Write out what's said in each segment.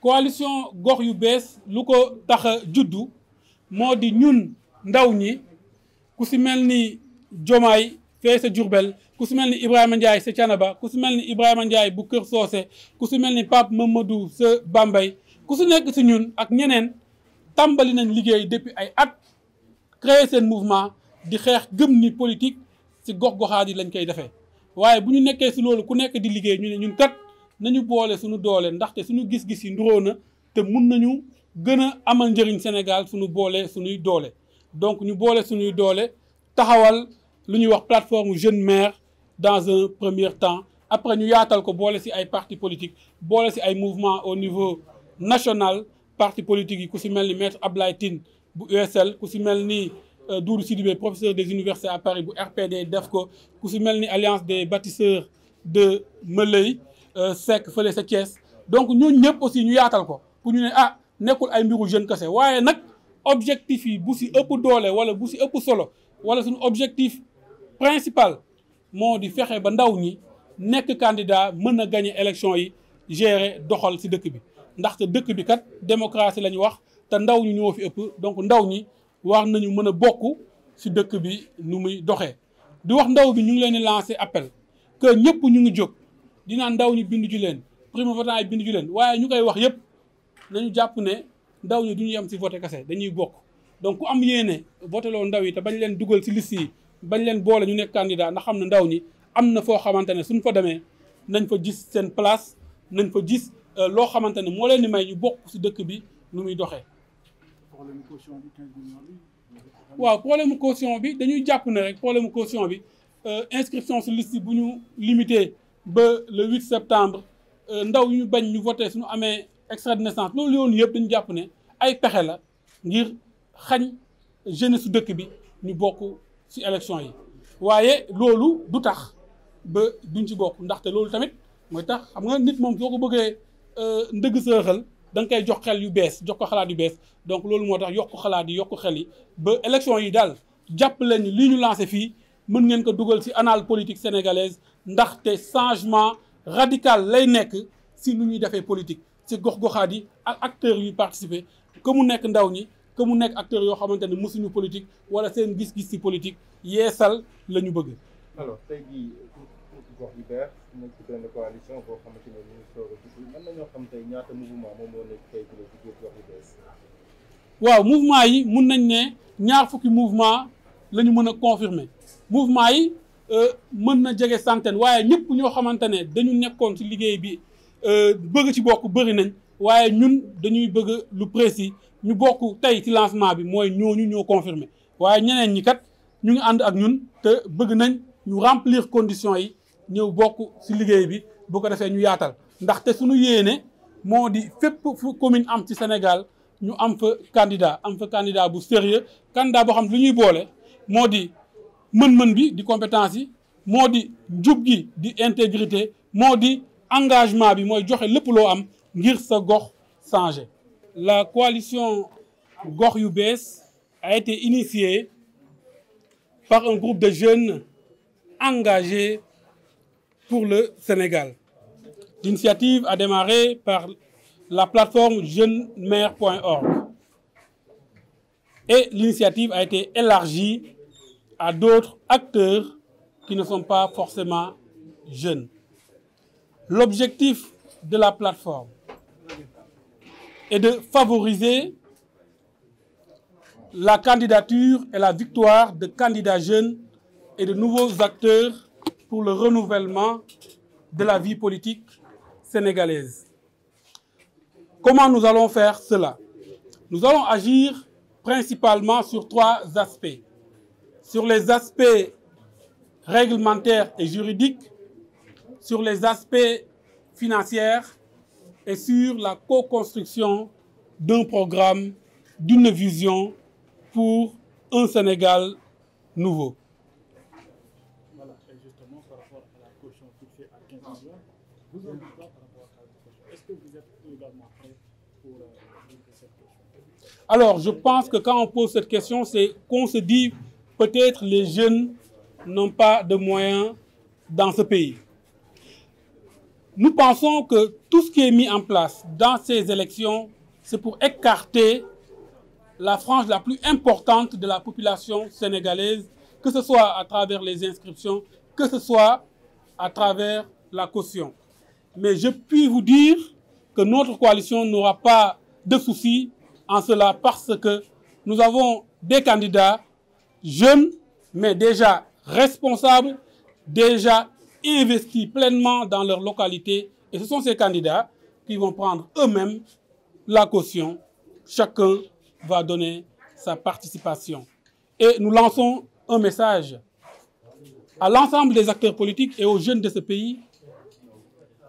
coalition gox yu bees lu ko tax juddu moo di ñun ndaw ñi ku si mel ni Jomaay fee sa Jurbel ku si mel ni Ibrahima Ndiaye sa Canaba ku si mel ni Ibrahima Ndiaye bu Kër Soose ku si mel ni Pape Mamadou sa Bambey ku si nekk si ñun ak ñeneen tàmbali nañ liggéey depuis ay at créer seen mouvement di xeex gëm ni politique si gox goxaan yi lañ koy defee waaye bu ñu nekkee si loolu ku nekk di liggéey ñu ne ñun kat. nañu boole suñu doole ndaxte suñu gis-gis yi nduróo na te mun nañu gën a amal njëriñ Sénégal suñu boole suñuy doole donc ñu boole suñuy doole taxawal lu ñuy wax plateforme jeune maire dans un premier temps après ñu yaatal ko boole si ay parti politique boole si ay mouvement au niveau national parti politique yi ku si mel ni maître Ablaye Tine bu USL ku si mel ni euh, Doudou Sidibé professeur des universités à Paris bu RPD def ko ku si mel ni alliance des bâtisseurs de Meley Euh, Seck fële sa Thiès donc ñun ñëpp aussi ñu yaatal ko pour ñu ne ah nekkul ay mbiru jeune kese waaye nag objectif yi bu si ëpp doole wala bu si ëpp solo wala suñu objectif principal moo di fexe ba ndaw ñi nekk candidat mën a gagner élection yi gérer doxal si dëkk bi ndaxte dëkk bi kat démocratie la ñu wax te ndaw ñi ñoo fi ëpp donc ndaw ñi wax nañu mën a bokk si dëkk bi nu muy doxee di wax ndaw bi ñu ngi leen di lancer appel que ñëpp ñu ngi jóg dinaa ndaw ñi bindu ju leen primo votant yi bindu ju leen waaye ñu koy wax yëpp nañu jàpp ne ndaw ñi duñu am si voté kese dañuy bokk donc ku am yéene voté loo ndaw yi te bañ leen dugal ci liste yi bañ leen boole ñu nekk candidat ndax xam na ndaw ñi am na foo xamante ne suñ fa demee nañ fa gis seen place nañ fa gis euh, loo xamante ne moo leen di may ñu bokk si dëkk bi nu muy doxee waaw problème caution bi dañuy jàpp ne rek problème caution bi euh, inscription si liste bu ñu limité ba le 8 septembre euh, ndaw ñu bañ ñu voté suñu amee extrait de naissance loolu yoon yëpp dañu jàpp ne ay pexe la ngir xañ jeunesse su dëkk bi ñu bokk ci élection yi waaye loolu du tax ba duñ ci bokk ndaxte loolu tamit mooy tax xam nga nit moom soo ko bëggee euh, ndëgg sëxal da nga koy jox xel yu bees jox ko xalaat yu bees donc loolu moo tax yokk xalaat yi yokk xel yi ba élection yi daal jàpp leen li ñu lancé fii mën ngeen ko dugal ci annales politique sénégalaise ndaxte changement radical lay nekk si nu ñuy defee politique si gox-goxaat yi ak acteurs yuy participer que mu nekk ndaw ñi que mu nekk acteurs yoo xamante ne mosuñu politique wala seen gis-gis si politique yeesal la ñu bëgg. alors tey jii gox yu xamante ne a dugg mën xam tey ñaata mouvement moom waaw mouvement yi mun nañ ne ñaar fukki mouvement la ñu mën a confirmer mouvement yi. Euh, mën na jege centaine waaye ñëpp ñoo xamante ne dañu nekkoon ci liggéey bi euh, bëgg ci bokk bëri nañ waaye ñun dañuy bëgg lu précis ñu bokk tey ci lancement bi mooy ñooñu ñoo confirmé waaye ñeneen ñi kat ñu ngi ànd ak ñun te bëgg nañ ñu remplier conditions yi ñëw bokk ci liggéey bi bu ko defee ñu yaatal ndaxte suñu yéene moo di fépp fu commune am ci Sénégal ñu am fa candidat am fa candidat bu sérieux candidat boo xam lu ñuy boole moo di mën-mën bi di compétence yi moo di njub gi di intégrité moo di engagement bi mooy joxe lépp loo am ngir sa gox changé. la coalition gox yu bees a été initiée par un groupe de jeunes engagés pour le Sénégal. L'initiative a démarré par la plateforme point jeunesmaires.org et l'initiative a été élargie à d'autres acteurs qui ne sont pas forcément jeunes. L'objectif de la plateforme est de favoriser la candidature et la victoire de candidats jeunes et de nouveaux acteurs pour le renouvellement de la vie politique sénégalaise. Comment nous allons faire cela? Nous allons agir principalement sur trois aspects. sur les aspects réglementaires et juridiques, sur les aspects financiers et sur la co-construction d'un programme, d'une vision pour un Sénégal nouveau. Voilà, ah. euh, je pense que quand on pose cette question, c'est qu'on se dit Peut-être les jeunes n'ont pas de moyens dans ce pays. Nous pensons que tout ce qui est mis en place dans ces élections, c'est pour écarter la frange la plus importante de la population sénégalaise, que ce soit à travers les inscriptions, que ce soit à travers la caution. Mais je puis vous dire que notre coalition n'aura pas de soucis en cela parce que nous avons des candidats jeunes mais déjà responsables déjà investi pleinement dans leur localité. Et ce sont ces candidats qui vont prendre eux-mêmes la caution. Chacun va donner sa participation. Et nous lançons un message à l'ensemble des acteurs politiques et aux jeunes de ce pays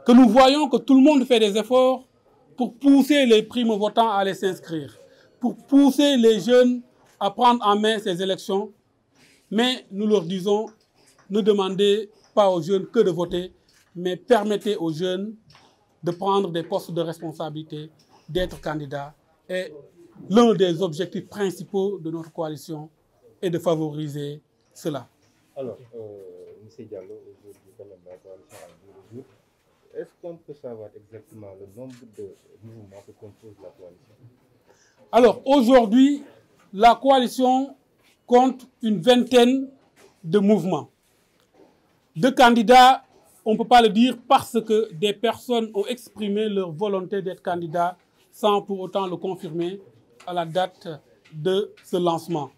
que nous voyons que tout le monde fait des efforts pour pousser les primo-votants à les s'inscrire, pour pousser les jeunes à prendre en main ces élections, mais nous leur disons, ne demandez pas aux jeunes que de voter, mais permettez aux jeunes de prendre des postes de responsabilité, d'être candidats. Et l'un des objectifs principaux de notre coalition est de favoriser cela. Euh, la coalition a jours. Est-ce qu'on la coalition compte une vingtaine de mouvements. De candidats, on ne peut pas le dire parce que des personnes ont exprimé leur volonté d'être candidats sans pour autant le confirmer à la date de ce lancement.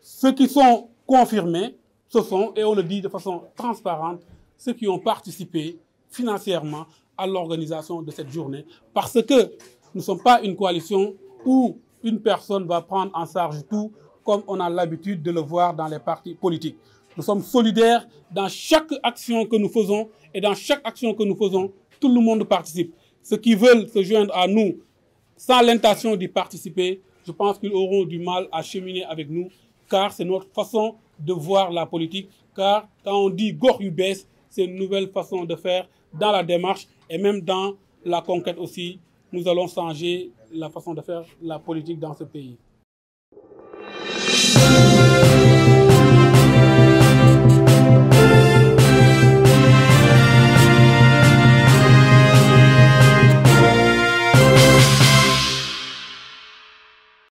Ceux qui sont confirmés, ce sont, et on le dit de façon transparente, ceux qui ont participé financièrement à l'organisation de cette journée. Parce que nous ne sommes pas une coalition où une personne va prendre en charge tout, comme on a l'habitude de le voir dans les partis politiques. Nous sommes solidaires dans chaque action que nous faisons et dans chaque action que nous faisons, tout le monde participe. Ceux qui veulent se joindre à nous sans l'intention d'y participer, je pense qu'ils auront du mal à cheminer avec nous, car c'est notre façon de voir la politique, car quand on dit Gor Ubes, c'est une nouvelle façon de faire dans la démarche et même dans la conquête aussi nous allons changer la façon de faire la politique dans ce pays.